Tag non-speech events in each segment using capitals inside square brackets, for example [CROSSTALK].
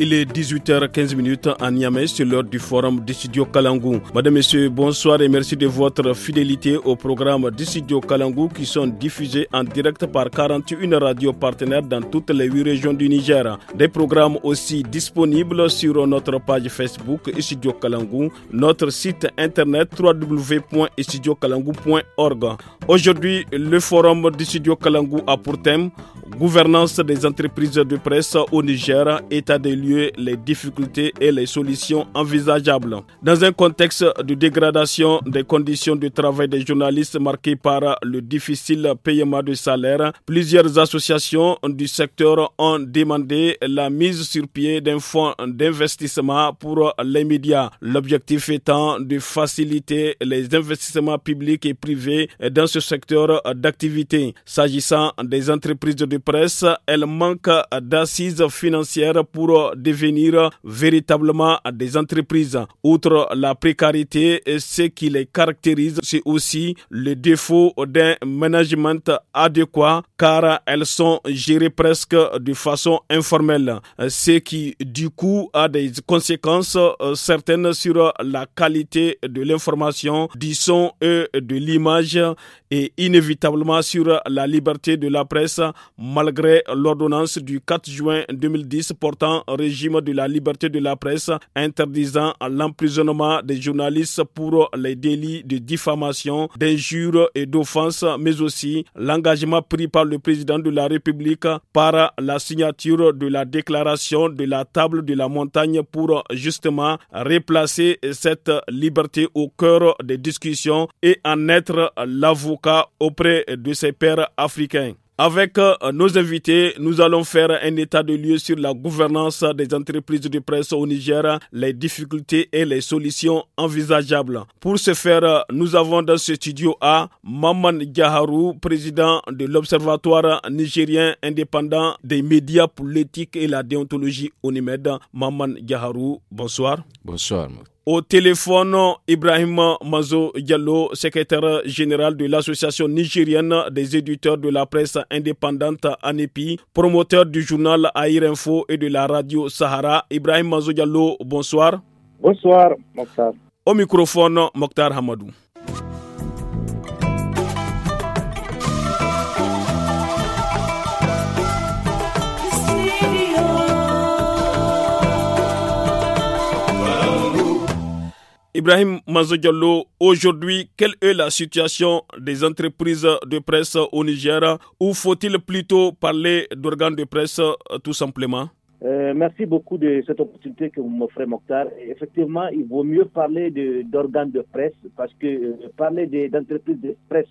Il est 18h15 en Niamey, sur l'heure du forum Dissidio Kalangou. Madame, Messieurs, bonsoir et merci de votre fidélité au programme Dissidio Kalangou qui sont diffusés en direct par 41 radios partenaires dans toutes les 8 régions du Niger. Des programmes aussi disponibles sur notre page Facebook Studio Kalangou, notre site internet Kalangou.org. Aujourd'hui, le forum Dissidio Kalangou a pour thème Gouvernance des entreprises de presse au Niger, état des lieux les difficultés et les solutions envisageables. Dans un contexte de dégradation des conditions de travail des journalistes marquées par le difficile paiement de salaire, plusieurs associations du secteur ont demandé la mise sur pied d'un fonds d'investissement pour les médias. L'objectif étant de faciliter les investissements publics et privés dans ce secteur d'activité. S'agissant des entreprises de presse, elles manquent d'assises financières pour devenir véritablement des entreprises. Outre la précarité, ce qui les caractérise, c'est aussi le défaut d'un management adéquat car elles sont gérées presque de façon informelle, ce qui du coup a des conséquences euh, certaines sur la qualité de l'information, du son et de l'image et inévitablement sur la liberté de la presse malgré l'ordonnance du 4 juin 2010 portant de la liberté de la presse interdisant l'emprisonnement des journalistes pour les délits de diffamation, d'injures et d'offense, mais aussi l'engagement pris par le président de la République par la signature de la déclaration de la table de la montagne pour justement replacer cette liberté au cœur des discussions et en être l'avocat auprès de ses pairs africains. Avec euh, nos invités, nous allons faire un état de lieu sur la gouvernance des entreprises de presse au Niger, les difficultés et les solutions envisageables. Pour ce faire, nous avons dans ce studio à Maman Gaharou, président de l'Observatoire nigérien indépendant des médias l'éthique et la déontologie au Maman Gaharou, bonsoir. Bonsoir. Au téléphone, Ibrahim Mazo Diallo, secrétaire général de l'Association nigérienne des éditeurs de la presse indépendante ANEPI, promoteur du journal Air Info et de la radio Sahara. Ibrahim Mazo Diallo, bonsoir. Bonsoir, Mokhtar. Au microphone, Mokhtar Hamadou. Ibrahim Mazojallo, aujourd'hui, quelle est la situation des entreprises de presse au Niger ou faut-il plutôt parler d'organes de presse tout simplement euh, merci beaucoup de cette opportunité que vous m'offrez, Mokhtar. Effectivement, il vaut mieux parler d'organes de, presse parce que euh, parler d'entreprises de, presse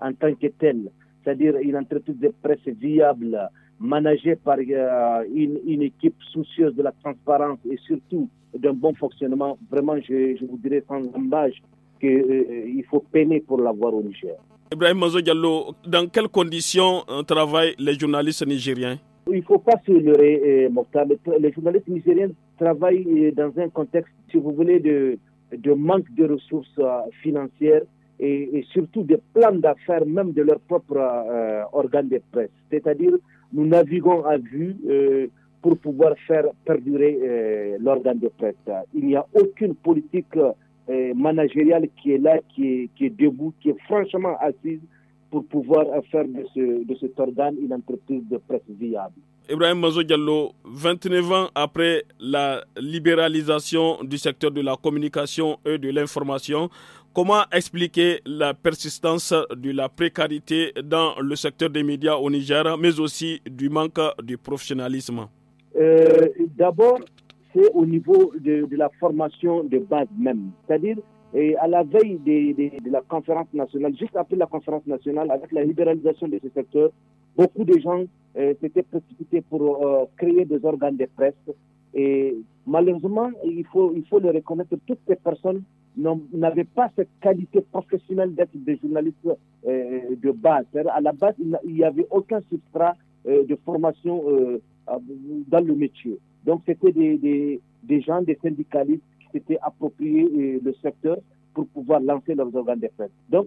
en tant que telle, c'est-à-dire une entreprise de presse viable, managé par euh, une, équipe soucieuse de la transparence et surtout d'un bon fonctionnement, vraiment, je, vous dirais sans embâche qu'il euh, il faut peiner pour l'avoir au Niger. Ibrahim Mazo dans quelles conditions euh, travaillent les journalistes nigériens Il ne faut pas se leurrer, Mokhtar. Les journalistes nigériens travaillent dans un contexte, si vous voulez, de, manque de ressources financières et, surtout des plans d'affaires même de leur propre organe de presse. C'est-à-dire nous naviguons à vue euh, pour pouvoir faire perdurer euh, l'organe de presse. Il n'y a aucune politique euh, managériale qui est là, qui est, debout, qui est franchement assise pour pouvoir faire de, ce, de cet organe une entreprise de presse viable. Ibrahim Mazo 29 ans après la libéralisation du secteur de la communication et de l'information, Comment expliquer la persistance de la précarité dans le secteur des médias au Niger, mais aussi du manque de professionnalisme euh, D'abord, c'est au niveau de, la formation de base même. C'est-à-dire, à la veille de, la conférence nationale, juste après la conférence nationale, avec la libéralisation de ce secteur, beaucoup de gens euh, s'étaient précipités pour euh, créer des organes de presse. Et malheureusement, il faut, il faut le reconnaître, toutes ces personnes n'avaient pas cette qualité professionnelle d'être des journalistes euh, de base. À la base, il n'y avait aucun substrat euh, de formation euh, dans le métier. Donc, c'était des, des, des, gens, des syndicalistes qui s'étaient appropriés le secteur pour pouvoir lancer leurs organes de presse. Donc,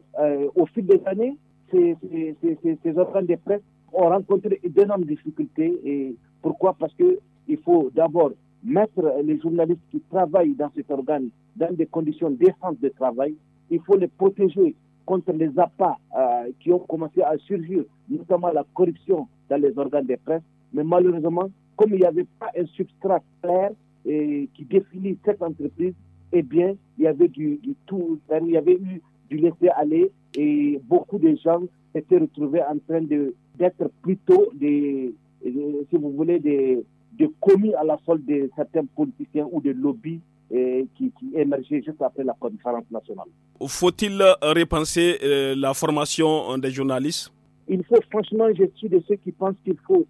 au fil des années, ces, ces, ces, ces organes de presse ont rencontré d'énormes difficultés. Et pourquoi Parce que il faut d'abord mettre les journalistes qui travaillent dans cet organe dans des conditions décentes de travail. Il faut les protéger contre les appâts euh, qui ont commencé à surgir, notamment la corruption dans les organes de presse. Mais malheureusement, comme il n'y avait pas un substrat clair et, qui définit cette entreprise, eh bien, il y avait du, tout, il y avait eu du laisser-aller et beaucoup de gens étaient retrouvés en train d'être plutôt des, si vous voulez, des, de commis à la solde de certains politiciens ou de lobbies et eh, qui, qui, juste après la conférence nationale. Faut-il repenser eh, la formation des journalistes Il faut, franchement, je suis de ceux qui pensent qu'il faut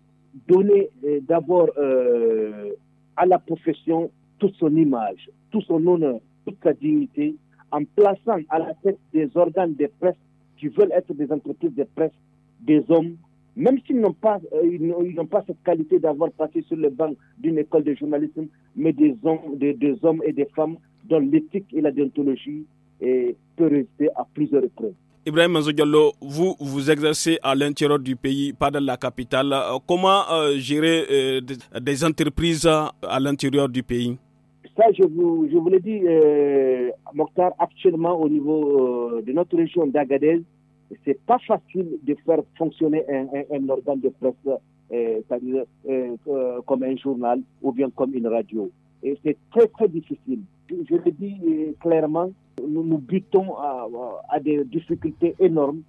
donner eh, d'abord euh, à la profession toute son image, tout son honneur, toute sa dignité, en plaçant à la tête des organes de presse qui veulent être des entreprises de presse des hommes même s'ils n'ont pas, euh, ils pas cette qualité d'avoir passé sur le banc d'une école de journalisme, mais des hommes, et des femmes dont l'éthique et la déontologie et peut rester à plusieurs reprises. Ibrahim Diallo, vous vous exercez à l'intérieur du pays, pas dans la capitale. Euh, comment euh, gérer des entreprises à l'intérieur du pays Ça, je vous, je l'ai dit, actuellement au niveau de notre région d'Agadez, c'est pas facile de faire fonctionner un, organe de presse, euh, euh, euh, comme un journal ou bien comme une radio. Et c'est très très difficile. Je le dis clairement, nous nous butons à, à des difficultés énormes,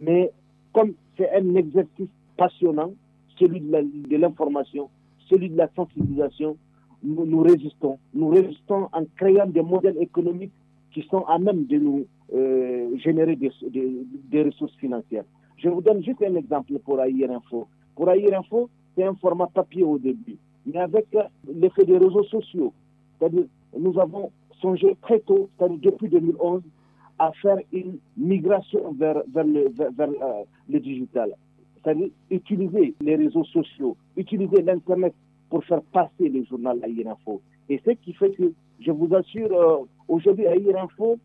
mais comme c'est un exercice passionnant, celui de l'information, celui de la sensibilisation, nous, nous résistons. Nous résistons en créant des modèles économiques qui sont à même de nous euh, générer des, ressources financières. Je vous donne juste un exemple pour Aïr Info. Pour Aïr Info, c'est un format papier au début. Mais avec euh, l'effet des réseaux sociaux, c'est-à-dire nous avons songé très tôt, c'est-à-dire depuis 2011, à faire une migration vers, euh, le, digital. C'est-à-dire utiliser les réseaux sociaux, utiliser l'Internet pour faire passer le journal Aïr Info. Et ce qui fait que, je vous assure, aujourd'hui, Aïr Info,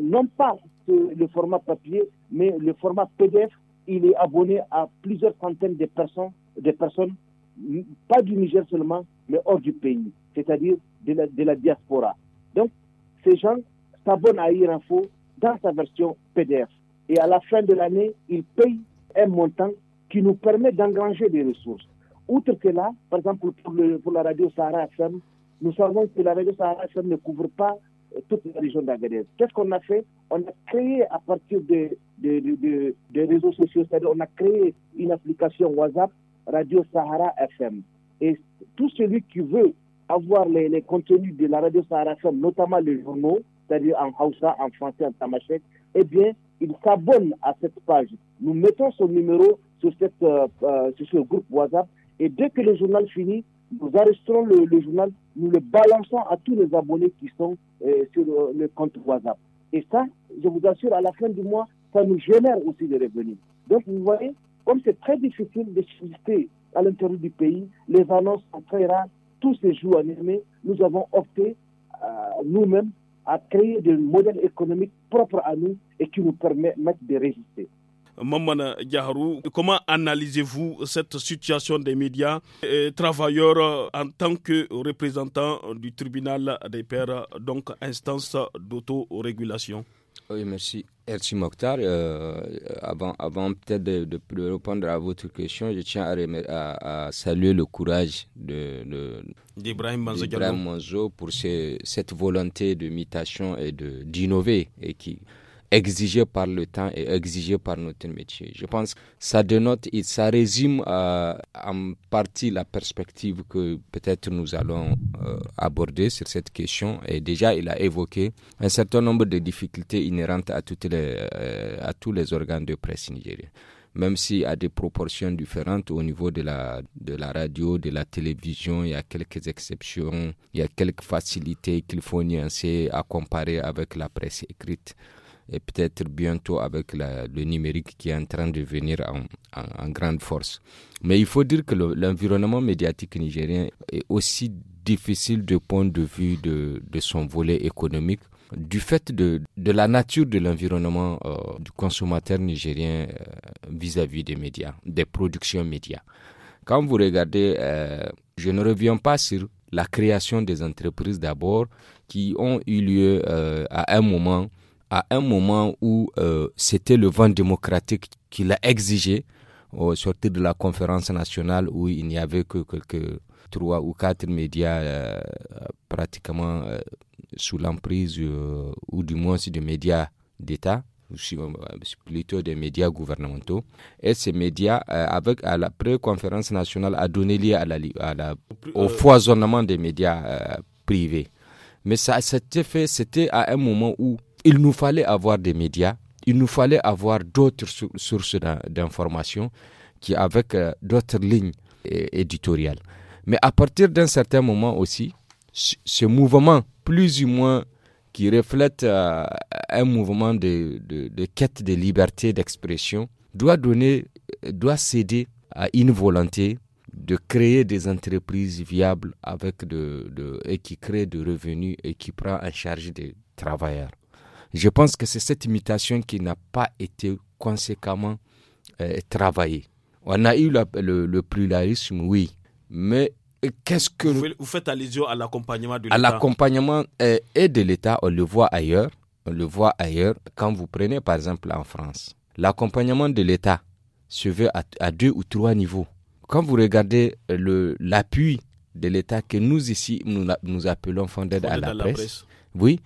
non pas le format papier, mais le format PDF, il est abonné à plusieurs centaines de personnes, de personnes pas du Niger seulement, mais hors du pays, c'est-à-dire de la, diaspora. Donc, ces gens s'abonnent à IRINFO dans sa version PDF. Et à la fin de l'année, ils payent un montant qui nous permet d'engranger des ressources. Outre que là, par exemple, pour, pour la radio Sahara FM, nous savons que la radio Sahara FM ne couvre pas toute la région d'Agadez. Qu'est-ce qu'on a fait On a créé à partir des de, de, réseaux sociaux, c'est-à-dire on a créé une application WhatsApp Radio Sahara FM. Et tout celui qui veut avoir les, contenus de la Radio Sahara FM, notamment les journaux, c'est-à-dire en Hausa, en français, en tamashek, eh bien, il s'abonne à cette page. Nous mettons son numéro sur, cette, euh, euh, sur ce groupe WhatsApp et dès que le journal finit, nous arrêterons le, le journal nous le balançons à tous les abonnés qui sont euh, sur le compte WhatsApp. Et ça, je vous assure, à la fin du mois, ça nous génère aussi des revenus. Donc, vous voyez, comme c'est très difficile de subsister à l'intérieur du pays, les annonces sont très rares, tous ces jours animés, nous avons opté euh, nous-mêmes à créer des modèles économiques propres à nous et qui nous permettent de résister. Maman Diaharou, comment analysez-vous cette situation des médias travailleurs en tant que représentant du tribunal des pères, donc instance d'autorégulation Oui, merci. Merci Mokhtar. Euh, euh, avant avant peut-être de, répondre à votre question, je tiens à, à, saluer le courage de, d'Ibrahim Manzo pour cette volonté de mutation et de, d'innover et qui, exigé par le temps et exigé par notre métier. Je pense que ça dénote ça résume euh, en partie la perspective que peut-être nous allons euh, aborder sur cette question. Et déjà, il a évoqué un certain nombre de difficultés inhérentes à, toutes les, euh, à tous les organes de presse nigériens même si à des proportions différentes au niveau de la, de la radio, de la télévision, il y a quelques exceptions, il y a quelques facilités qu'il faut nuancer à comparer avec la presse écrite et peut-être bientôt avec le numérique qui est en train de venir en, grande force. Mais il faut dire que l'environnement médiatique nigérien est aussi difficile du point de vue de, son volet économique du fait de, de la nature de l'environnement euh, du consommateur nigérien euh, vis-à-vis des médias, des productions médias. Quand vous regardez, euh, je ne reviens pas sur la création des entreprises d'abord qui ont eu lieu à un moment à un moment où euh, c'était le vent démocratique qui l'a exigé au sortir de la conférence nationale où il n'y avait que quelques trois ou quatre médias euh, pratiquement euh, sous l'emprise ou du moins des médias d'État plutôt des médias gouvernementaux. Et ces médias, avec à la pré-conférence nationale, a donné lieu à la, à au foisonnement des médias privés. Mais ça, c'était fait, c'était à un moment où il nous fallait avoir des médias, il nous fallait avoir d'autres sources d'informations qui avec euh, d'autres lignes éditoriales. Mais à partir d'un certain moment aussi, ce mouvement, plus ou moins, qui reflète euh, un mouvement de, quête de liberté d'expression, doit donner, doit céder à une volonté de créer des entreprises viables avec de, et qui créent des revenus et qui prend en charge des travailleurs. Je pense que c'est cette imitation qui n'a pas été conséquemment euh, travaillée. On a eu le, pluralisme, oui, mais euh, qu'est-ce que... Vous, faites allusion à l'accompagnement de l'État À l'accompagnement euh, et de l'État, on le voit ailleurs. On le voit ailleurs. Quand vous prenez, par exemple, en France, l'accompagnement de l'État se veut à, deux ou trois niveaux. Quand vous regardez l'appui de l'État que nous ici, nous, nous appelons fondé à, la presse. oui,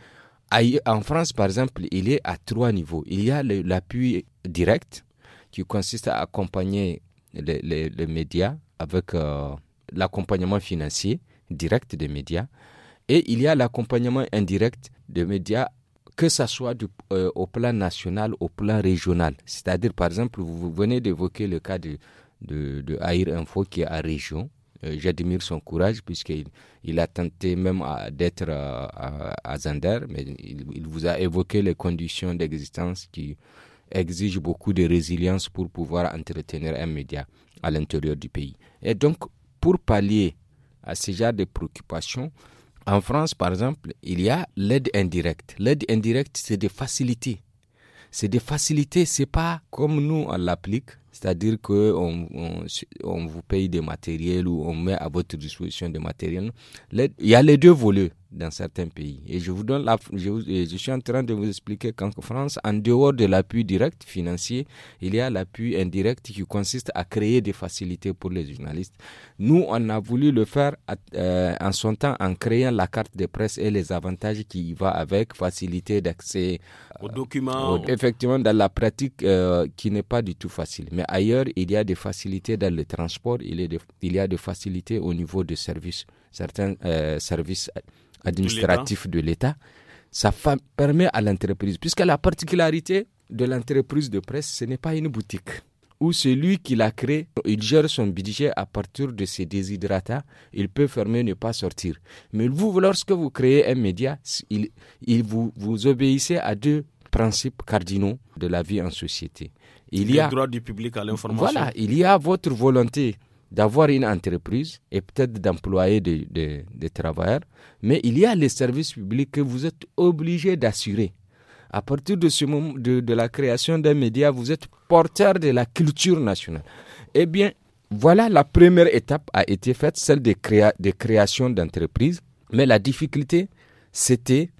en France, par exemple, il est à trois niveaux. Il y a l'appui direct qui consiste à accompagner les, médias avec euh, l'accompagnement financier direct des médias. Et il y a l'accompagnement indirect des médias, que ce soit euh, au plan national, au plan régional. C'est-à-dire, par exemple, vous venez d'évoquer le cas de, de, de Info qui est à région. Euh, j'admire son courage puisqu'il il a tenté même d'être euh, à, Zander, mais il, il, vous a évoqué les conditions d'existence qui exigent beaucoup de résilience pour pouvoir entretenir un média à l'intérieur du pays. Et donc, pour pallier à ce genre de préoccupations, en France, par exemple, il y a l'aide indirecte. L'aide indirecte, c'est de faciliter c'est des facilités, c'est pas comme nous on l'applique. C'est-à-dire que on, vous paye des matériels ou on met à votre disposition des matériels. Il y a les deux volets dans certains pays. Et je vous donne la, je, je suis en train de vous expliquer qu'en France, en dehors de l'appui direct financier, il y a l'appui indirect qui consiste à créer des facilités pour les journalistes. Nous, on a voulu le faire euh, en son temps en créant la carte de presse et les avantages qui y va avec, facilité d'accès euh, aux documents. effectivement, dans la pratique euh, qui n'est pas du tout facile. Mais ailleurs, il y a des facilités dans le transport, il, est il y a des facilités au niveau des services, certains services administratif de l'État, ça permet à l'entreprise, puisque la particularité de l'entreprise de presse, ce n'est pas une boutique où celui qui l'a créé, il gère son budget à partir de ses déshydratats, il peut fermer, ne pas sortir. Mais vous, lorsque vous créez un média, il, vous, vous obéissez à deux principes cardinaux de la vie en société. Il y a le droit du public à l'information. Voilà, il y a votre volonté d'avoir une entreprise et peut-être d'employer des, travailleurs, mais il y a les services publics que vous êtes obligé d'assurer. À partir de, ce moment, de, la création d'un média, vous êtes porteur de la culture nationale. Eh bien, voilà, la première étape a été faite, celle de création d'entreprises. Mais la difficulté, c'était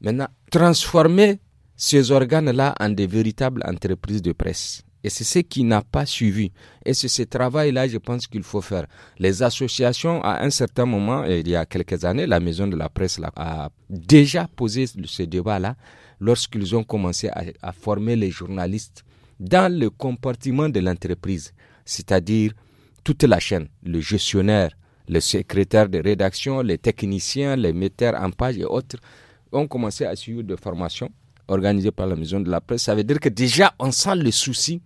maintenant transformer ces organes-là en des véritables entreprises de presse. Et c'est ce qui n'a pas suivi. Et c'est ce travail-là, je pense qu'il faut faire. Les associations, à un certain moment, il y a quelques années, la maison de la presse a déjà posé ce débat-là lorsqu'ils ont commencé à, à, former les journalistes dans le comportement de l'entreprise, c'est-à-dire toute la chaîne, le gestionnaire, le secrétaire de rédaction, les techniciens, les metteurs en page et autres, ont commencé à suivre des formations organisé par la maison de la presse, ça veut dire que déjà on sent le souci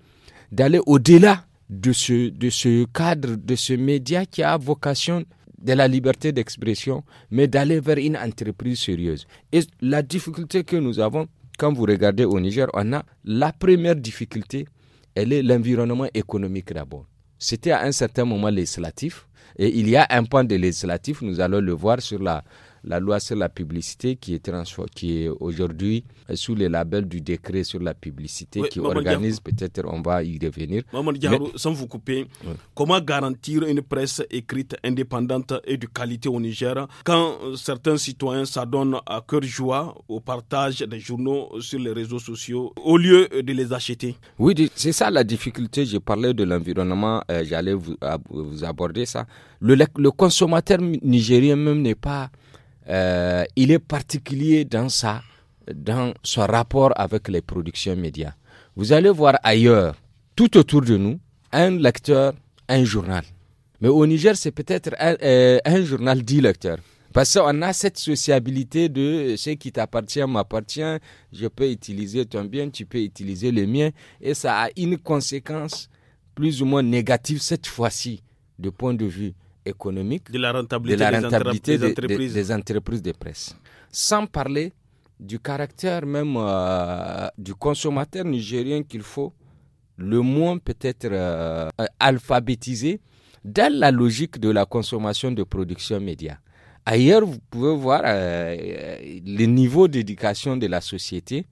d'aller au-delà de ce, de ce cadre, de ce média qui a vocation de la liberté d'expression, mais d'aller vers une entreprise sérieuse. Et la difficulté que nous avons, quand vous regardez au Niger, on a la première difficulté, elle est l'environnement économique d'abord. C'était à un certain moment législatif, et il y a un point de législatif, nous allons le voir sur la, la loi sur la publicité qui est, qui est aujourd'hui euh, sous les labels du décret sur la publicité qui organise, peut-être on va y revenir. Maman Diallo, sans vous couper, comment garantir une presse écrite indépendante et de qualité au Niger quand euh, certains citoyens s'adonnent à cœur joie au partage des journaux sur les réseaux sociaux au lieu de les acheter Oui, c'est ça la difficulté. J'ai parlais de l'environnement, euh, j'allais vous, aborder ça. Le, le consommateur nigérien même n'est pas euh, il est particulier dans, ça, dans son rapport avec les productions médias. Vous allez voir ailleurs, tout autour de nous, un lecteur, un journal. Mais au Niger, c'est peut-être un, euh, un, journal dit lecteur. Parce qu'on a cette sociabilité de euh, ce qui t'appartient m'appartient, je peux utiliser ton bien, tu peux utiliser le mien, et ça a une conséquence plus ou moins négative cette fois-ci, de point de vue économique, de la rentabilité, des, entreprises. Des, entreprises. de presse. Sans parler du caractère même euh, du consommateur nigérien qu'il faut le moins peut-être euh, alphabétiser alphabétisé dans la logique de la consommation de production média. Ailleurs, vous pouvez voir euh, les niveaux d'éducation de la société.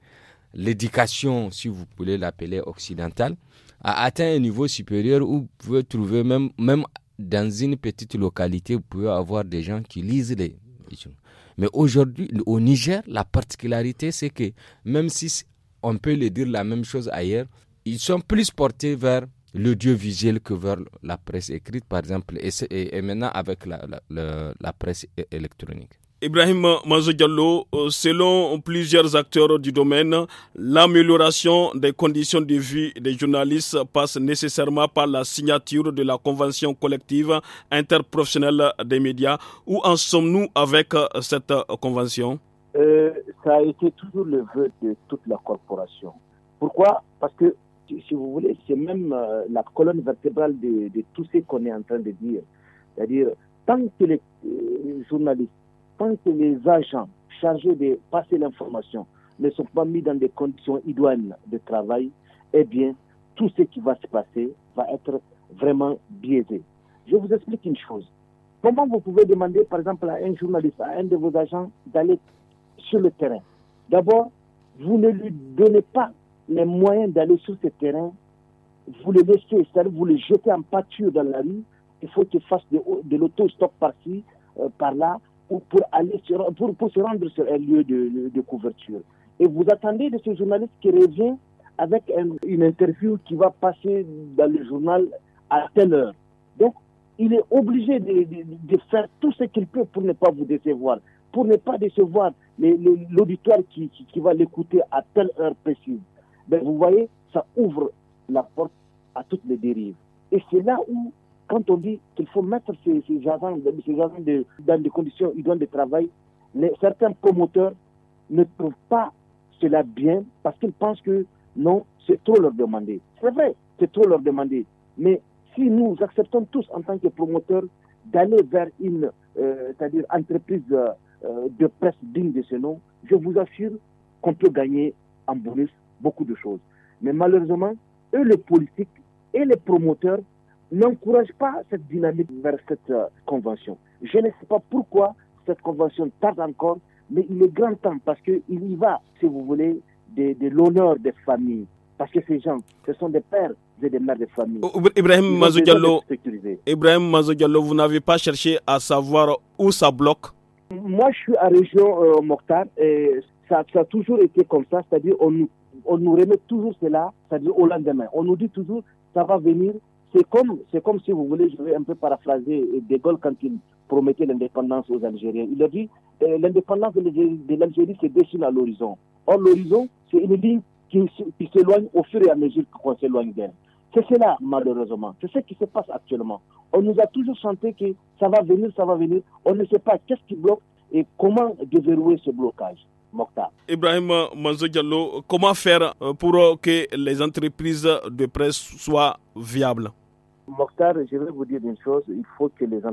L'éducation, si vous voulez l'appeler occidentale, a atteint un niveau supérieur où vous pouvez trouver même, même dans une petite localité, vous pouvez avoir des gens qui lisent les Mais aujourd'hui, au Niger, la particularité, c'est que même si on peut le dire la même chose ailleurs, ils sont plus portés vers le dieu visuel que vers la presse écrite, par exemple, et, maintenant avec la, la presse électronique. Ibrahim Diallo, euh, selon plusieurs acteurs du domaine, l'amélioration des conditions de vie des journalistes passe nécessairement par la signature de la convention collective interprofessionnelle des médias. Où en sommes-nous avec euh, cette convention euh, Ça a été toujours le vœu de toute la corporation. Pourquoi Parce que, si vous voulez, c'est même la colonne vertébrale de, de tout ce qu'on est en train de dire. C'est-à-dire, tant que les journalistes que les agents chargés de passer l'information ne sont pas mis dans des conditions idoines de travail, eh bien, tout ce qui va se passer va être vraiment biaisé. Je vous explique une chose. Comment vous pouvez demander, par exemple, à un journaliste, à un de vos agents, d'aller sur le terrain D'abord, vous ne lui donnez pas les moyens d'aller sur ce terrain. Vous le laissez, c'est-à-dire vous le jetez en pâture dans la rue. Il faut qu'il fasse de, lauto l'autostop par-ci, euh, par-là pour, aller pour, pour, se rendre sur un lieu de, de, couverture. Et vous attendez de ce journaliste qui revient avec une interview qui va passer dans le journal à telle heure. Donc, il est obligé de, de, faire tout ce qu'il peut pour ne pas vous décevoir, pour ne pas décevoir l'auditoire qui, qui, va l'écouter à telle heure précise. mais ben, vous voyez, ça ouvre la porte à toutes les dérives. Et c'est là où quand on dit qu'il faut mettre ces, gens dans des conditions idoines de travail, les, certains promoteurs ne trouvent pas cela bien parce qu'ils pensent que non, c'est trop leur demander. C'est vrai, c'est trop leur demander. Mais si nous acceptons tous en tant que promoteurs d'aller vers une euh, c'est-à-dire entreprise euh, euh, de presse digne de ce nom, je vous assure qu'on peut gagner en bonus beaucoup de choses. Mais malheureusement, eux, les politiques et les promoteurs n'encourage pas cette dynamique vers cette euh, convention. Je ne sais pas pourquoi cette convention tarde encore, mais il est grand temps parce qu'il y va, si vous voulez, de, l'honneur des familles. Parce que ces gens, ce sont des pères et des mères de famille. Oh, Ibrahim Mazoudiallo, Ibrahim vous n'avez pas cherché à savoir où ça bloque Moi, je suis à région euh, Mokhtar et ça, a toujours été comme ça, c'est-à-dire on, on nous remet toujours cela, c'est-à-dire au lendemain. On nous dit toujours ça va venir c'est comme, c'est comme si vous voulez, je vais un peu paraphraser euh, De Gaulle quand il promettait l'indépendance aux Algériens. Il a dit euh, l'indépendance de l'Algérie se dessine à l'horizon. Or, l'horizon, c'est une ligne qui, s'éloigne au fur et à mesure qu'on s'éloigne d'elle. C'est cela, malheureusement. C'est ce qui se passe actuellement. On nous a toujours chanté que ça va venir, ça va venir. On ne sait pas qu'est-ce qui bloque et comment déverrouiller ce blocage. Mokhtar. Ibrahim Manzo comment faire euh, pour que les entreprises de presse soient viables Mokhtar, je vais vous dire une chose, il faut que les,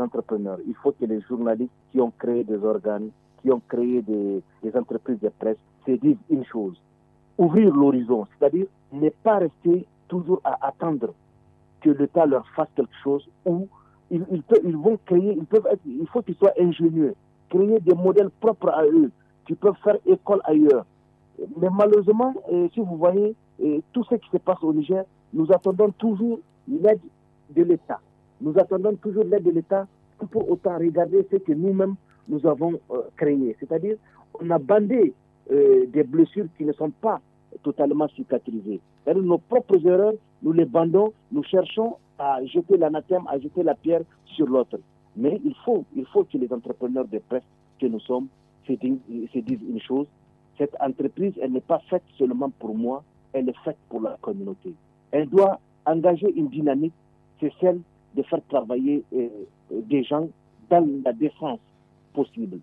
entrepreneurs, il faut que les journalistes qui ont créé des organes, qui ont créé des, entreprises de presse, se disent une chose, ouvrir l'horizon, c'est-à-dire ne pas rester toujours à attendre que l'État leur fasse quelque chose ou ils, ils, vont créer, ils peuvent être, il faut qu'ils soient ingénieux, créer des modèles propres à eux, qui peuvent faire école ailleurs. Mais malheureusement, euh, si vous voyez euh, tout ce qui se passe au Niger, nous attendons toujours l'aide de l'État. Nous attendons toujours l'aide de l'État pour autant regarder ce que nous-mêmes nous avons craigné. Euh, créé. C'est-à-dire, on a bandé euh, des blessures qui ne sont pas totalement cicatrisées. cest nos propres erreurs, nous les bandons, nous cherchons à jeter l'anathème, à jeter la pierre sur l'autre. Mais il faut, il faut que les entrepreneurs de presse que nous sommes se disent une chose. Cette entreprise, elle n'est pas faite seulement pour moi, elle est faite pour la communauté. Elle doit engager une dynamique, c'est celle de faire travailler euh, euh, des gens dans la défense possible.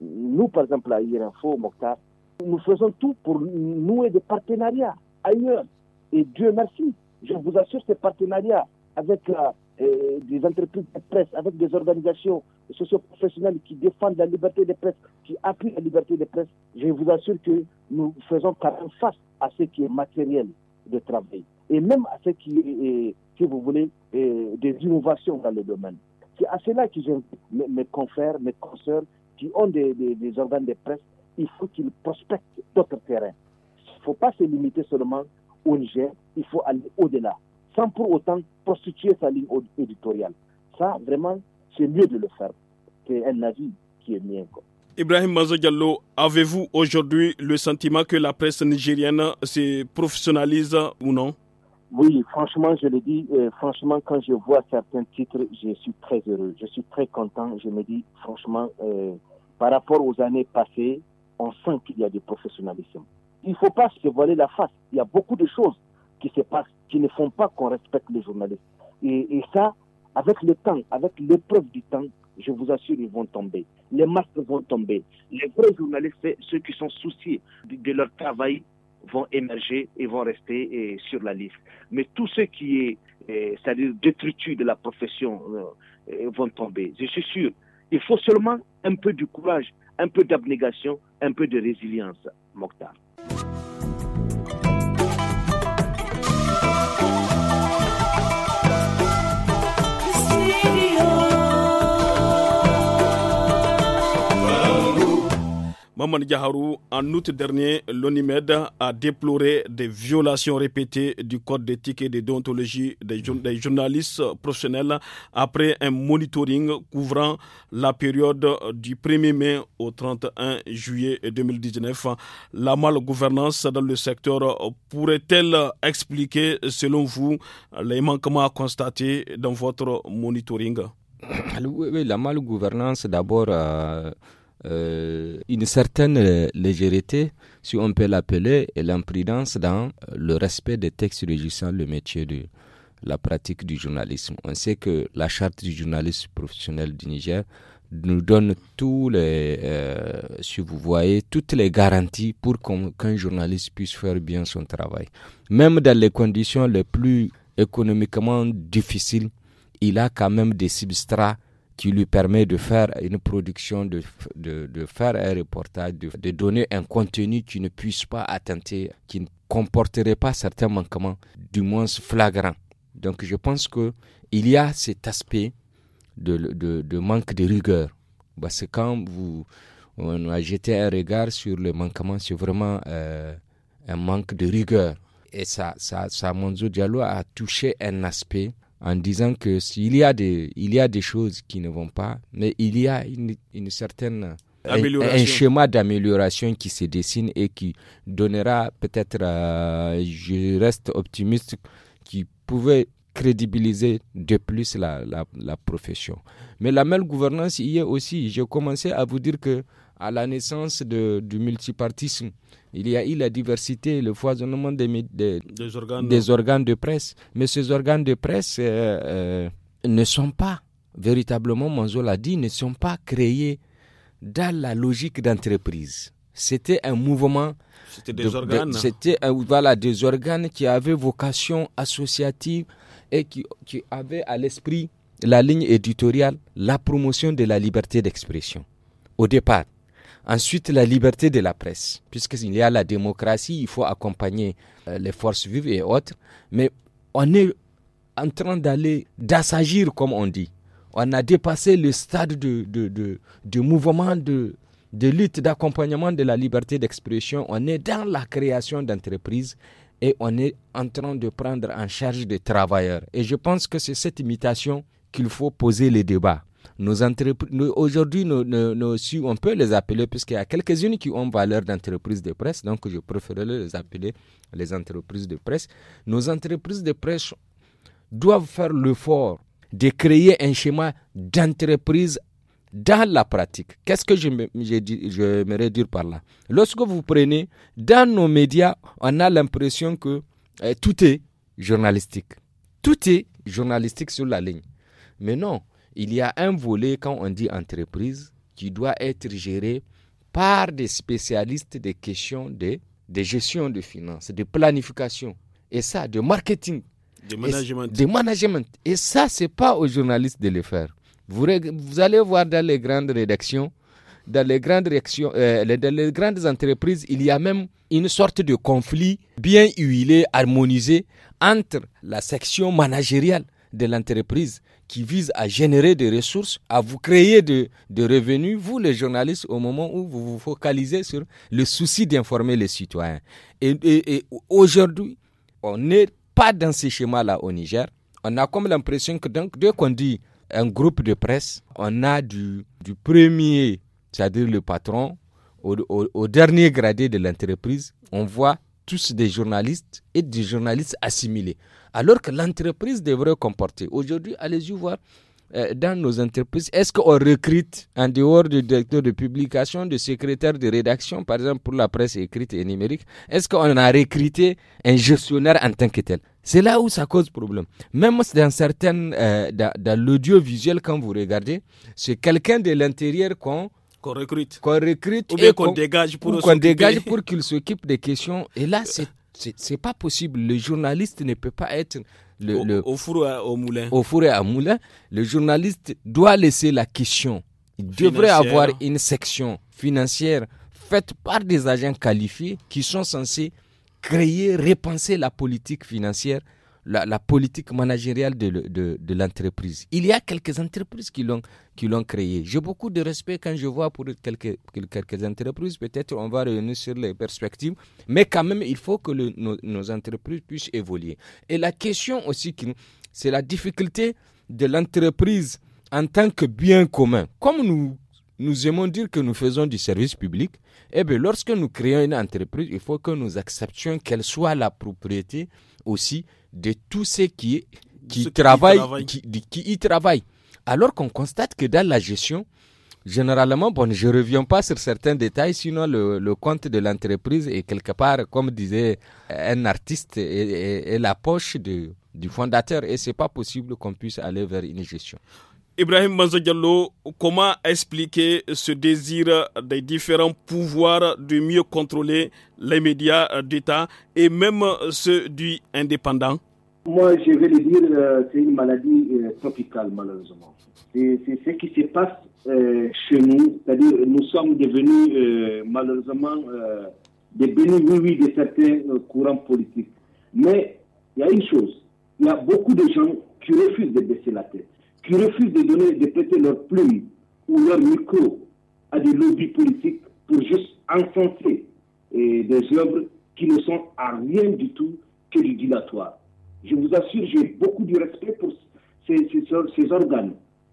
Nous, par exemple, à Irinfo, Mokhtar, nous faisons tout pour nouer des partenariats ailleurs. Et Dieu merci, je vous assure, ces partenariats avec euh, des entreprises de presse, avec des organisations socioprofessionnelles qui défendent la liberté de presse, qui appuient la liberté de presse, je vous assure que nous faisons face à ce qui est matériel de travail et même à ce qui est, si vous voulez, des innovations dans le domaine. C'est à cela que j'invite mes, confrères, mes consoeurs qui ont des, organes de presse, il faut qu'ils prospectent d'autres terrains. Il ne faut pas se limiter seulement au Niger, il faut aller au-delà, sans pour autant prostituer sa ligne éditoriale. Ça, vraiment, c'est mieux de le faire. C'est un avis qui est encore Ibrahim Mazogallo, avez-vous aujourd'hui le sentiment que la presse nigérienne se professionnalise ou non oui, franchement, je le dis, euh, franchement, quand je vois certains titres, je suis très heureux, je suis très content. Je me dis, franchement, euh, par rapport aux années passées, on sent qu'il y a du professionnalisme. Il ne faut pas se voiler la face. Il y a beaucoup de choses qui se passent, qui ne font pas qu'on respecte les journalistes. Et, ça, avec le temps, avec l'épreuve du temps, je vous assure, ils vont tomber. Les masques vont tomber. Les vrais journalistes, ceux qui sont souciés de leur travail, vont émerger et vont rester eh, sur la liste. Mais tout ce qui est, eh, c'est-à-dire détritus de la profession, euh, eh, vont tomber. Je suis sûr. Il faut seulement un peu de courage, un peu d'abnégation, un peu de résilience, Mokhtar. en août dernier, l'ONIMED a déploré des violations répétées du code d'éthique et de déontologie des, journalistes professionnels après un monitoring couvrant la période du 1er mai au 31 juillet 2019. La malgouvernance dans le secteur pourrait-elle expliquer, selon vous, les manquements constatés dans votre monitoring oui, la malgouvernance, d'abord, euh, euh, une certaine légèreté, si on peut l'appeler, et l'imprudence dans euh, le respect des textes régissant le métier de la pratique du journalisme. On sait que la charte du journalisme professionnel du Niger nous donne tous les, euh, si vous voyez, toutes les garanties pour qu'un journaliste puisse faire bien son travail. Même dans les conditions les plus économiquement difficiles, il a quand même des substrats qui lui permet de faire une production, de, de, faire un reportage, de, de, donner un contenu qui ne puisse pas attenter, qui ne comporterait pas certains manquements, du moins flagrants. Donc je pense que il y a cet aspect de, de manque de rigueur. Parce que quand vous, on a jeté un regard sur le manquement, c'est vraiment euh, un manque de rigueur. Et ça, ça, ça Monzo Diallo a touché un aspect en disant que s'il y a des, il y a des choses qui ne vont pas, mais il y a une, une certaine un, certain schéma d'amélioration qui se dessine et qui donnera peut-être, euh, je reste optimiste, qui pouvait crédibiliser de plus la, la, la profession. Mais la malgouvernance y est aussi. J'ai commencé à vous dire que à la naissance du multipartisme. Il y a eu la diversité, le foisonnement des, des, organes, de presse. Mais ces organes de presse euh, euh, ne sont pas, véritablement, Manzo l'a dit, ne sont pas créés dans la logique d'entreprise. C'était un mouvement. C'était des organes. C'était voilà, des organes qui avaient vocation associative et qui, qui avaient à l'esprit la ligne éditoriale, la promotion de la liberté d'expression. Au départ, Ensuite, la liberté de la presse. Puisqu'il y a la démocratie, il faut accompagner euh, les forces vives et autres. Mais on est en train d'aller, d'assagir, comme on dit. On a dépassé le stade de, de, de, de mouvement de, de lutte, d'accompagnement de la liberté d'expression. On est dans la création d'entreprises et on est en train de prendre en charge des travailleurs. Et je pense que c'est cette imitation qu'il faut poser les débats nos entreprises, aujourd'hui, on peut les appeler, puisqu'il y a quelques-unes qui ont valeur d'entreprise de presse, donc je préférerais les appeler les entreprises de presse. Nos entreprises de presse doivent faire l'effort de créer un schéma d'entreprise dans la pratique. Qu'est-ce que j'aimerais je, je, dire par là Lorsque vous prenez, dans nos médias, on a l'impression que eh, tout est journalistique. Tout est journalistique sur la ligne. Mais non, il y a un volet, quand on dit entreprise, qui doit être géré par des spécialistes des questions de, de gestion de finances, de planification, et ça, de marketing. De management. Et, de management. Et ça, ce n'est pas aux journalistes de le faire. Vous, allez voir dans les grandes rédactions, dans les grandes, réactions, euh, dans les grandes entreprises, il y a même une sorte de conflit bien huilé, harmonisé entre la section managériale de l'entreprise qui vise à générer des ressources, à vous créer de, de revenus, vous les journalistes, au moment où vous vous focalisez sur le souci d'informer les citoyens. Et, aujourd'hui, on n'est pas dans ce schéma là au Niger. On a comme l'impression que donc, dès qu'on dit un groupe de presse, on a du, du premier, c'est-à-dire le patron, au dernier gradé de l'entreprise, on voit tous des journalistes et des journalistes assimilés. Alors que l'entreprise devrait comporter. Aujourd'hui, allez-y voir euh, dans nos entreprises, est-ce qu'on recrute en dehors du directeur de publication, de secrétaire de rédaction, par exemple pour la presse écrite et numérique, est-ce qu'on a recruté un gestionnaire en tant que tel C'est là où ça cause problème. Même dans certaines, euh, dans, dans l'audiovisuel, quand vous regardez, c'est quelqu'un de l'intérieur qu'on qu'on recrute. ou qu'on dégage pour dégage pour qu'il s'occupe des questions. Et là, c'est c'est pas possible. Le journaliste ne peut pas être le, au, four et à, au moulin. Au four et à moulin, le journaliste doit laisser la question. Il devrait avoir une section financière faite par des agents qualifiés qui sont censés créer, repenser la politique financière la, politique managériale de, de, l'entreprise. Il y a quelques entreprises qui l'ont, qui l'ont créé. J'ai beaucoup de respect quand je vois pour quelques, quelques entreprises. Peut-être on va revenir sur les perspectives, mais quand même, il faut que nos, nos, entreprises puissent évoluer. Et la question aussi, c'est la difficulté de l'entreprise en tant que bien commun. Comme nous nous aimons dire que nous faisons du service public. Eh bien, lorsque nous créons une entreprise, il faut que nous acceptions qu'elle soit la propriété aussi de tous ceux qui, travaillent, qui, Qui, y travaillent. Alors qu'on constate que dans la gestion, généralement, bon, je ne reviens pas sur certains détails, sinon le, compte de l'entreprise est quelque part, comme disait un artiste, est, la poche du fondateur et c'est pas possible qu'on puisse aller vers une gestion. Ibrahim Manzo comment expliquer ce désir des différents pouvoirs de mieux contrôler les médias d'État et même ceux du indépendant Moi, je vais le dire, euh, c'est une maladie euh, tropicale, malheureusement. C'est ce qui se passe euh, chez nous, c'est-à-dire nous sommes devenus, malheureusement, des bénévoles de certains courants politiques. Mais il y a une chose, il y a beaucoup de gens qui refusent de baisser la tête qui refusent de donner, de prêter leur plume ou leur micro à des lobbies politiques pour juste enfoncer eh, des œuvres qui ne sont à rien du tout que du dilatoire. Je vous assure, j'ai beaucoup de respect pour ces, organes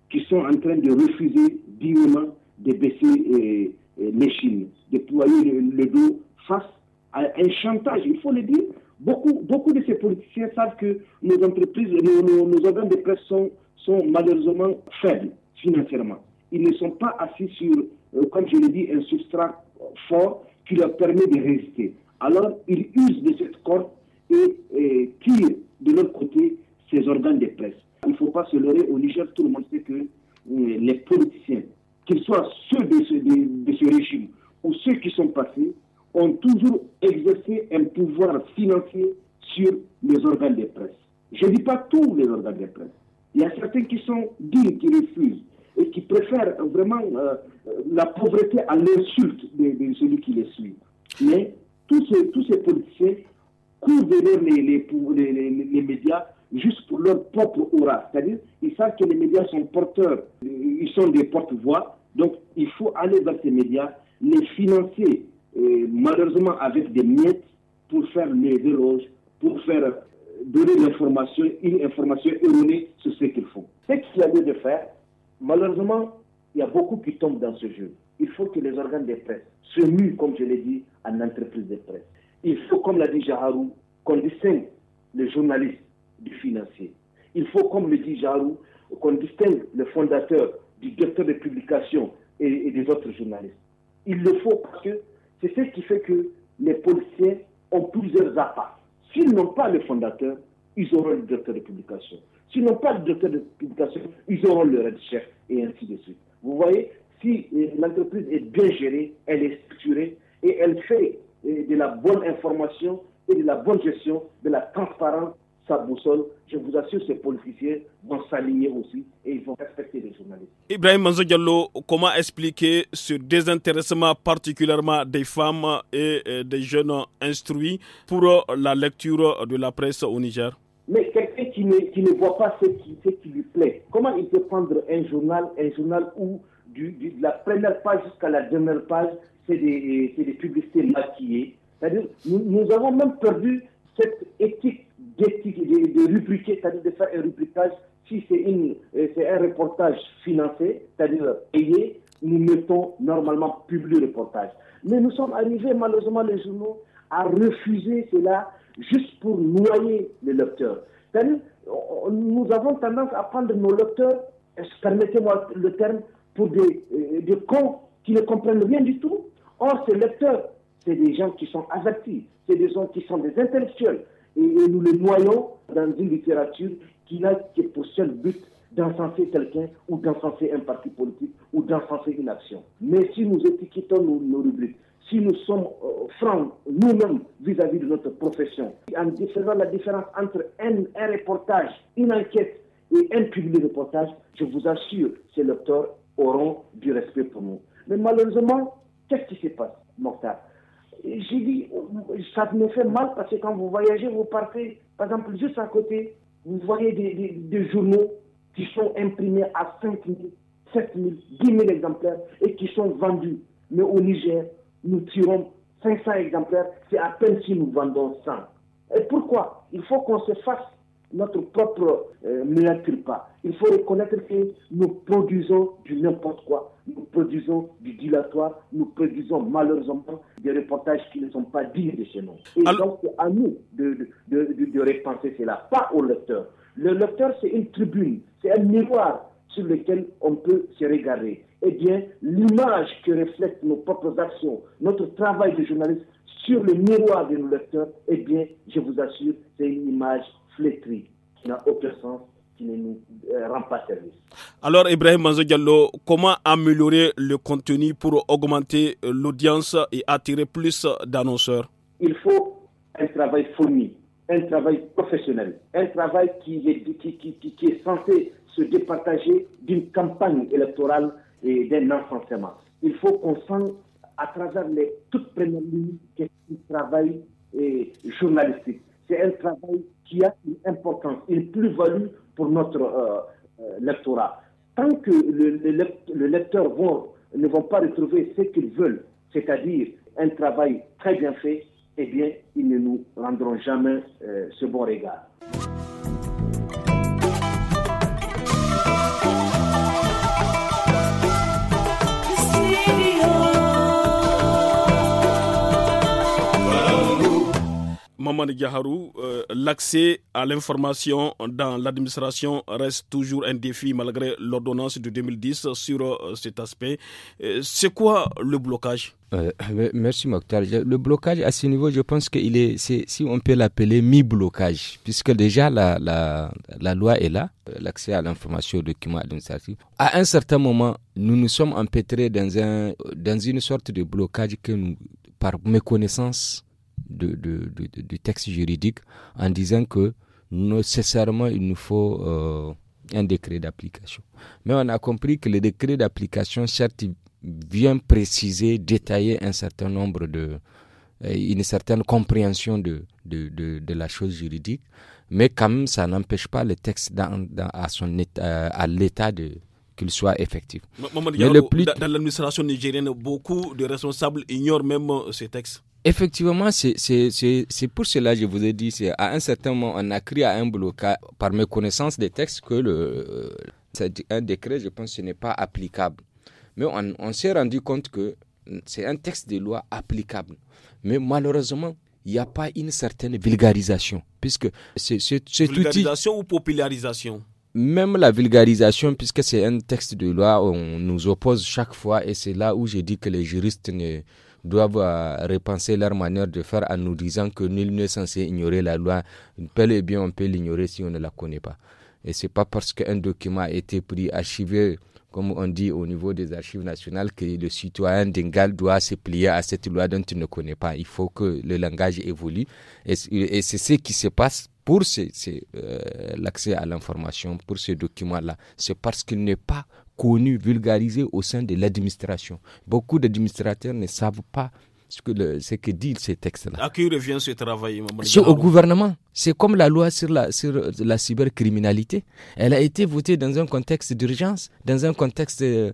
qui sont en train de refuser dignement de baisser eh, eh, les chines, de ployer le dos face à un chantage, il faut le dire, Beaucoup, beaucoup de ces politiciens savent que nos entreprises, nos, nos, organes de presse sont, sont, malheureusement faibles financièrement. Ils ne sont pas assis sur, euh, comme je l'ai dit, un substrat fort qui leur permet de résister. Alors, ils usent de cette corde et, tuent tirent de leur côté ces organes de presse. Il ne faut pas se leurrer au Niger, tout le monde sait que euh, les politiciens, qu'ils soient ceux de de, de ce régime ou ceux qui sont passés, ont toujours exercé un pouvoir financier sur les organes de presse. Je ne dis pas tous les organes de presse. Il y a certains qui sont dignes, qui refusent et qui préfèrent vraiment euh, euh, la pauvreté à l'insulte de, celui qui les suit. Mais tous ces, tous ces politiciens courent derrière les, les, les, les médias juste pour leur propre aura. C'est-à-dire, ils savent que les médias sont porteurs, ils sont des porte-voix. Donc, il faut aller vers ces médias, les financer malheureusement avec des miettes pour faire les roses, pour faire euh, donner l'information, une information erronée sur ce qu'il faut. Ce qu'il y a lieu de faire, malheureusement, il y a beaucoup qui tombent dans ce jeu. Il faut que les organes de presse se muent, comme je l'ai dit, en entreprise de presse. Il faut, comme l'a dit Jaharou, qu'on distingue le journaliste du financier. Il faut, comme le dit Jaharou, qu'on distingue le fondateur du directeur de publication et, et des autres journalistes. Il le faut parce que c'est ce qui fait que les policiers ont plusieurs appâts. S'ils n'ont pas le fondateur, ils auront le directeur de publication. S'ils n'ont pas le directeur de publication, ils auront le red chef et ainsi de suite. Vous voyez, si euh, l'entreprise est bien gérée, elle est structurée et elle fait euh, de la bonne information et de la bonne gestion, de la transparence ça boussole. Je vous assure, ces policiers vont s'aligner aussi et ils vont respecter les journalistes. Ibrahim Manzogallo, comment expliquer ce désintéressement particulièrement des femmes et euh, des jeunes instruits pour euh, la lecture de la presse au Niger mais quelqu'un qui ne, qui ne voit pas ce qui, qui lui plaît, comment il peut prendre un journal, un journal où du, de la première page jusqu'à la dernière page, c'est des, des, publicités maquillées. C'est-à-dire, nous, avons même perdu cette éthique de, rubriquer, c'est-à-dire de faire un rubriquage. Si euh, c'est un reportage financé, c'est-à-dire payé, nous mettons normalement public reportage. Mais nous sommes arrivés, malheureusement, les journaux, à refuser cela juste pour noyer les lecteurs. nous avons tendance à prendre nos lecteurs, permettez-moi le terme, pour des, euh, des cons qui ne comprennent rien du tout. Or, ces lecteurs, c'est des gens qui sont avertis, c'est des gens qui sont des intellectuels, et, nous les noyons dans une littérature qui n'a que pour seul but d'encenser quelqu'un ou d'encenser un parti politique ou d'encenser une action. Mais si nous étiquetons nos, rubriques, si nous sommes euh, francs nous-mêmes vis-à-vis de notre profession, en faisant la différence entre un, reportage, une enquête et un public reportage, je vous assure, ces lecteurs auront du respect pour nous. Mais malheureusement, qu'est-ce qui se passe, Mortar? j'ai dit, ça me fait mal parce que quand vous voyagez, vous partez, par exemple, juste à côté, vous voyez des, journaux qui sont imprimés à 5 000, 7 000, 10 000 exemplaires et qui sont vendus. Mais au Niger, nous tirons 500 exemplaires, c'est à peine si nous vendons 100. Et pourquoi Il faut qu'on se fasse notre propre euh, pas. Il faut reconnaître que nous produisons du n'importe quoi. Nous produisons du dilatoire, nous produisons malheureusement des reportages qui ne sont pas dignes de chez nous. Et donc, c'est à nous de, de, de, de repenser cela, pas au lecteur. Le lecteur, c'est une tribune, c'est un miroir sur lequel on peut se regarder. Eh bien, l'image que reflètent nos propres actions, notre travail de journaliste, sur le miroir de nos lecteurs, eh bien, je vous assure, c'est une image flétrie qui n'a aucun sens qui ne nous euh, rend pas service. Alors, Ibrahim Mazogiallo, comment améliorer le contenu pour augmenter euh, l'audience et attirer plus d'annonceurs Il faut un travail fourni, un travail professionnel, un travail qui est, qui, est censé se départager d'une campagne électorale et d'un enseignement. Il faut qu'on sente à travers les toutes premières lignes du travail et euh, journalistique. C'est un travail qui a une importance, une plus-value pour notre euh, euh, lectorat. Tant que le, le, lecteur ne vont pas retrouver ce qu'ils veulent, c'est-à-dire un travail très bien fait, eh bien, ils ne nous rendront jamais ce bon regard. Maman Diaharou, euh, l'accès à l'information dans l'administration reste toujours un défi malgré l'ordonnance de 2010 sur euh, cet aspect. Euh, c'est quoi le blocage Merci Mokhtar. Le blocage à ce niveau, je pense qu'il est, si on peut l'appeler mi-blocage, puisque déjà la, la, loi est là, l'accès à l'information aux documents administratifs. À un certain moment, nous nous sommes empêtrés dans, un, dans une sorte de blocage que par méconnaissance, de, du texte juridique en disant que nécessairement il nous faut euh, un décret d'application. Mais on a compris que le décret d'application, certes, vient préciser, détailler un certain nombre de, euh, une certaine compréhension de, de, de, la chose juridique, mais quand même, ça n'empêche pas le texte à, son euh, à l'état de qu'il soit effectif. Dans l'administration nigérienne, beaucoup de responsables ignorent même ces textes. Effectivement, c'est pour cela que je vous ai dit, c'est à un certain moment, on a à un blocage par mes connaissances des textes que le, euh, un décret, je pense, ce n'est pas applicable. Mais on, s'est rendu compte que c'est un texte de loi applicable. Mais malheureusement, il n'y a pas une certaine vulgarisation, puisque c'est Vulgarisation ou popularisation même la vulgarisation, puisque c'est un texte de loi, on nous oppose chaque fois, et c'est là où j'ai dit que les juristes ne, doivent euh, repenser leur manière de faire en nous disant que nul n'est censé ignorer la loi. Peu et bien, on peut l'ignorer si on ne la connaît pas. Et c'est pas parce qu'un document a été pris, archivé, comme on dit au niveau des archives nationales, que le citoyen d'Ingal doit se plier à cette loi dont il ne connaît pas. Il faut que le langage évolue. Et c'est ce qui se passe pour euh, l'accès à l'information, pour ces documents-là, c'est parce qu'il n'est pas connu, vulgarisé au sein de l'administration. Beaucoup d'administrateurs ne savent pas ce que, ce que disent ces textes-là. À qui revient ce travail au gouvernement. C'est comme la loi sur la, la cybercriminalité. Elle a été votée dans un contexte d'urgence, dans un contexte de,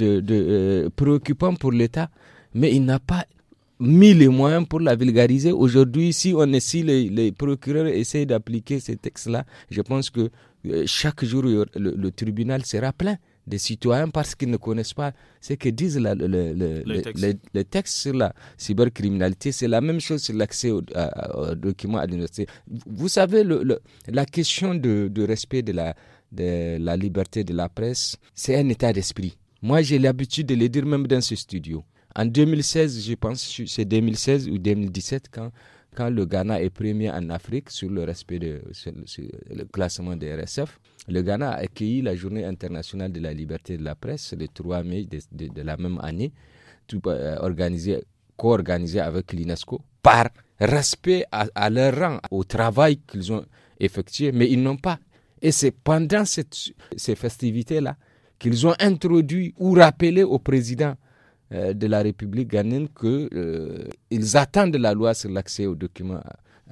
euh, préoccupant pour l'État, mais il n'a pas mille les moyens pour la vulgariser. Aujourd'hui, si on est, si les, procureurs essayent d'appliquer ces textes-là, je pense que euh, chaque jour, le, tribunal sera plein de citoyens parce qu'ils ne connaissent pas ce que disent les, textes. sur la cybercriminalité. C'est la même chose sur l'accès aux, documents à l'université. Vous savez, la question de, respect de la, de la liberté de la presse, c'est un état d'esprit. Moi, j'ai l'habitude de le dire même dans ce studio. En 2016, je pense, c'est 2016 ou 2017 quand quand le Ghana est premier en Afrique sur le respect de le classement des RSF, le Ghana a accueilli la journée internationale de la liberté de la presse le 3 mai de, la même année, tout euh, organisé, co organisée avec l'UNESCO par respect à, à, leur rang, au travail qu'ils ont effectué, mais ils n'ont pas. Et c'est pendant cette, ces festivités-là qu'ils ont introduit ou rappelé au président euh, de la République ghanéenne qu'ils euh, attendent la loi sur l'accès aux documents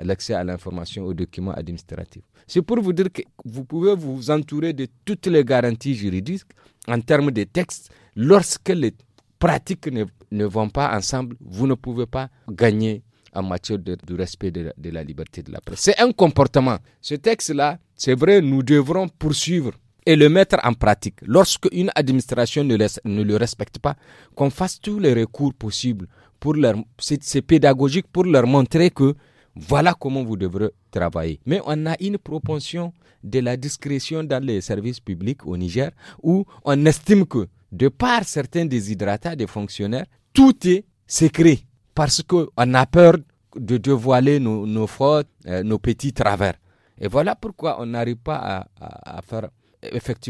l'accès à l'information aux documents administratifs. C'est pour vous dire que vous pouvez vous entourer de toutes les garanties juridiques en termes de textes. Lorsque les pratiques ne, vont pas ensemble, vous ne pouvez pas gagner en matière de, respect de la liberté de la presse. C'est un comportement. Ce texte-là, c'est vrai, nous devrons poursuivre et le mettre en pratique. Lorsque une administration ne, ne le respecte pas, qu'on fasse tous les recours possibles pour leur, c'est pédagogique pour leur montrer que voilà comment vous devrez travailler. Mais on a une propension de la discrétion dans les services publics au Niger où on estime que de par certains déshydratats des fonctionnaires, tout est secret parce qu'on a peur de dévoiler nos, nos fautes, euh, nos petits travers. Et voilà pourquoi on n'arrive pas à faire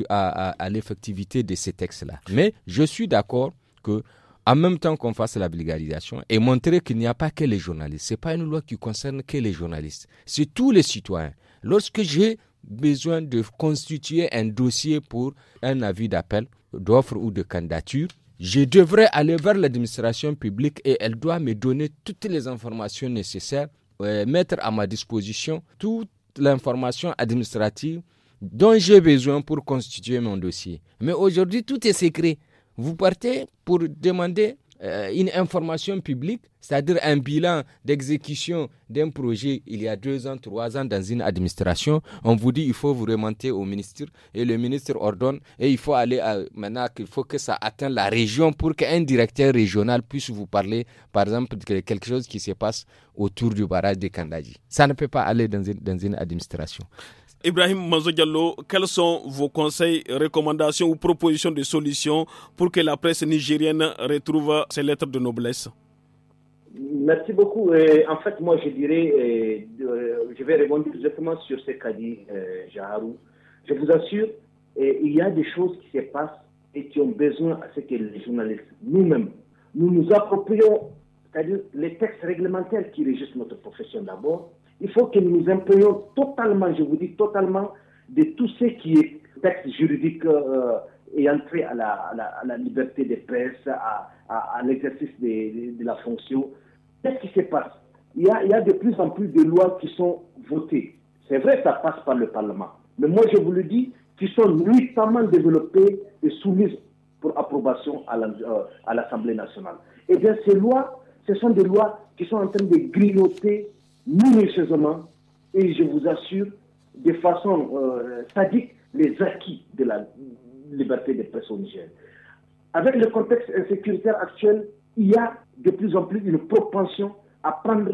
à, l'effectivité de ces textes-là. Mais je suis d'accord que en même temps qu'on fasse la vulgarisation et montrer qu'il n'y a pas que les journalistes. Ce n'est pas une loi qui concerne que les journalistes. C'est tous les citoyens. Lorsque j'ai besoin de constituer un dossier pour un avis d'appel, d'offre ou de candidature, je devrais aller vers l'administration publique et elle doit me donner toutes les informations nécessaires, euh, mettre à ma disposition toute l'information administrative dont j'ai besoin pour constituer mon dossier. Mais aujourd'hui, tout est secret. Vous partez pour demander euh, une information publique, c'est-à-dire un bilan d'exécution d'un projet il y a deux ans, trois ans dans une administration. On vous dit il faut vous remonter au ministre et le ministre ordonne et il faut aller maintenant qu'il faut que ça atteigne la région pour qu'un directeur régional puisse vous parler, par exemple, de quelque chose qui se passe autour du barrage de Kandaji. Ça ne peut pas aller dans dans une administration. Ibrahim Manzo quels sont vos conseils, recommandations ou propositions de solutions pour que la presse nigérienne retrouve ses lettres de noblesse Merci beaucoup. en fait, moi, je dirais, euh, euh, je vais répondre simplement sur ce qu'a dit euh, Jaharou. Je vous assure, il y a des choses qui se passent et qui ont besoin à ce que les journalistes, nous-mêmes, nous nous approprions, c'est-à-dire les textes réglementaires qui régissent notre profession d'abord, il faut que nous nous employions totalement, je vous dis totalement, de tout ce qui est texte juridique euh, et entrer à la, liberté des presse, à, l'exercice de, la fonction. Qu'est-ce qui se passe il y, a, il y, de plus en plus de lois qui sont votées. C'est vrai, ça passe par le Parlement. Mais moi, je vous le dis, qui sont nuitamment développées et soumises pour approbation à euh, l'Assemblée nationale. Eh bien, ces lois, ce sont des lois qui sont en train de grignoter minutieusement et je vous assure, de façon euh, sadique, les acquis de la liberté des personnes Avec le contexte insécuritaire actuel, il y a de plus en plus une propension à prendre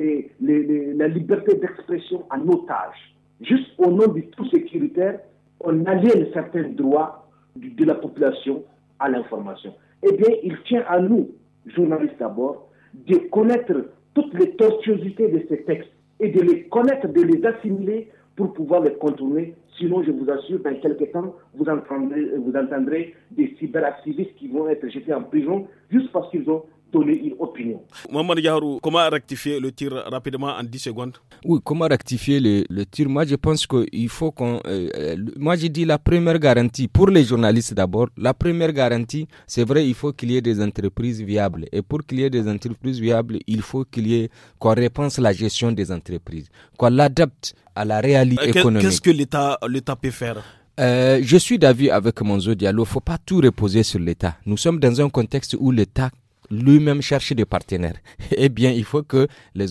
euh, la liberté d'expression en otage. Juste au nom du tout sécuritaire, on aliène certains droits de, de la population à l'information. Eh bien, il tient à nous, journalistes d'abord, de connaître toutes les tortuosités de ces textes et de les connaître, de les assimiler pour pouvoir les contourner. Sinon, je vous assure, dans quelques temps, vous entendrez, vous entendrez des cyberactivistes qui vont être jetés en prison juste parce qu'ils ont donner une opinion. Yaharou, comment rectifier le tir rapidement en 10 secondes Oui, comment rectifier le, le tir Moi, je pense qu'il faut qu'on... Euh, euh, moi, j'ai dit la première garantie, pour les journalistes d'abord, la première garantie, c'est vrai, il faut qu'il y ait des entreprises viables. Et pour qu'il y ait des entreprises viables, il faut qu'il y ait qu'on réponse la gestion des entreprises, qu'on l'adapte à la réalité euh, économique. Qu'est-ce que l'État peut faire je suis d'avis avec il Diallo, faut pas tout reposer sur l'État. Nous sommes dans un contexte où l'État lui-même chercher des partenaires. [LAUGHS] Eh bien, il faut que les,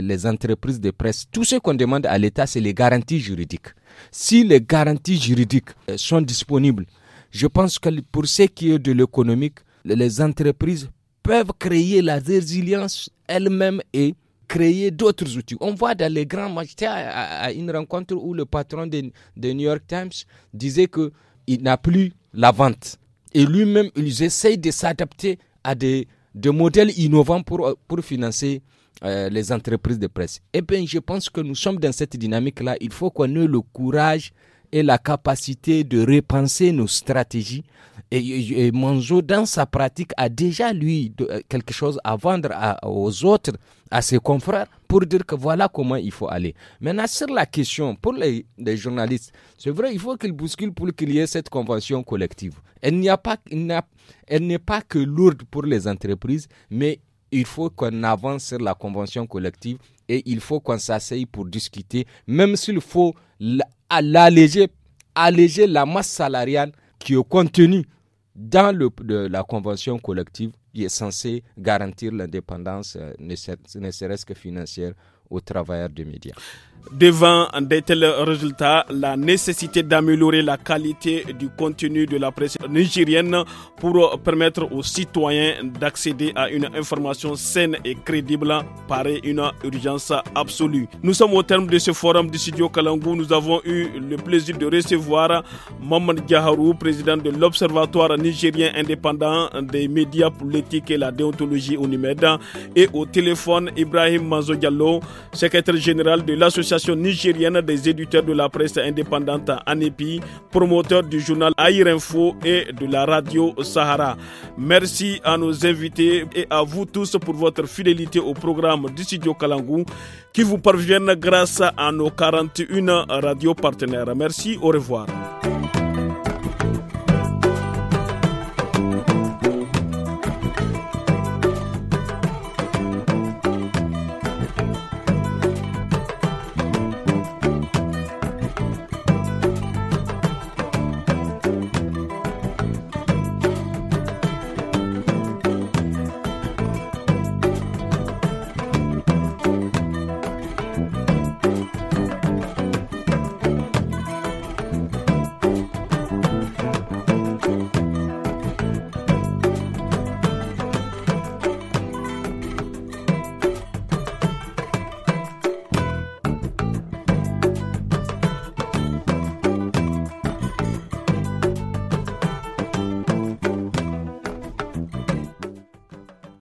les, entreprises de presse, tout ce qu'on demande à l'État, c'est les garanties juridiques. Si les garanties juridiques euh, sont disponibles, je pense que pour ce qui est de l'économique, les entreprises peuvent créer la résilience elles-mêmes et créer d'autres outils. On voit dans les grands magistrats à, une rencontre où le patron de, New York Times disait qu'il n'a plus la vente. Et lui-même, il essaye de s'adapter à des, modèles innovants pour, euh, pour financer euh, les entreprises de presse. Eh bien, je pense que nous sommes dans cette dynamique-là. Il faut qu'on ait le courage et la capacité de repenser nos stratégies. Et, Monzo, dans sa pratique, a déjà, lui, euh, quelque chose à vendre aux autres, à ses confrères, pour dire que voilà comment il faut aller. Maintenant, sur la question, pour les, journalistes, c'est vrai, il faut qu'ils bousculent pour qu'il y ait cette convention collective. Elle n'y a pas, elle n'est pas que lourde pour les entreprises, mais il faut qu'on avance sur la convention collective et il faut qu'on s'asseye pour discuter, même s'il faut l'alléger, alléger la masse salariale qui est contenue dans le, de la convention collective qui est censée garantir l'indépendance, euh, ne serait-ce que financière, aux travailleurs des médias. Devant de tels résultats, la nécessité d'améliorer la qualité du contenu de la presse nigérienne pour permettre aux citoyens d'accéder à une information saine et crédible paraît une urgence absolue. Nous sommes au terme de ce forum du studio Kalangou. Nous avons eu le plaisir de recevoir Maman Gaharou, président de l'Observatoire nigérien indépendant des médias l'éthique et la déontologie au et au téléphone Ibrahim Mazogallo secrétaire général de l'association nigérienne des éditeurs de la presse indépendante ANEPI, promoteur du journal Air Info et de la radio Sahara. Merci à nos invités et à vous tous pour votre fidélité au programme du studio Kalangou qui vous parviennent grâce à nos 41 radios partenaires. Merci, au revoir.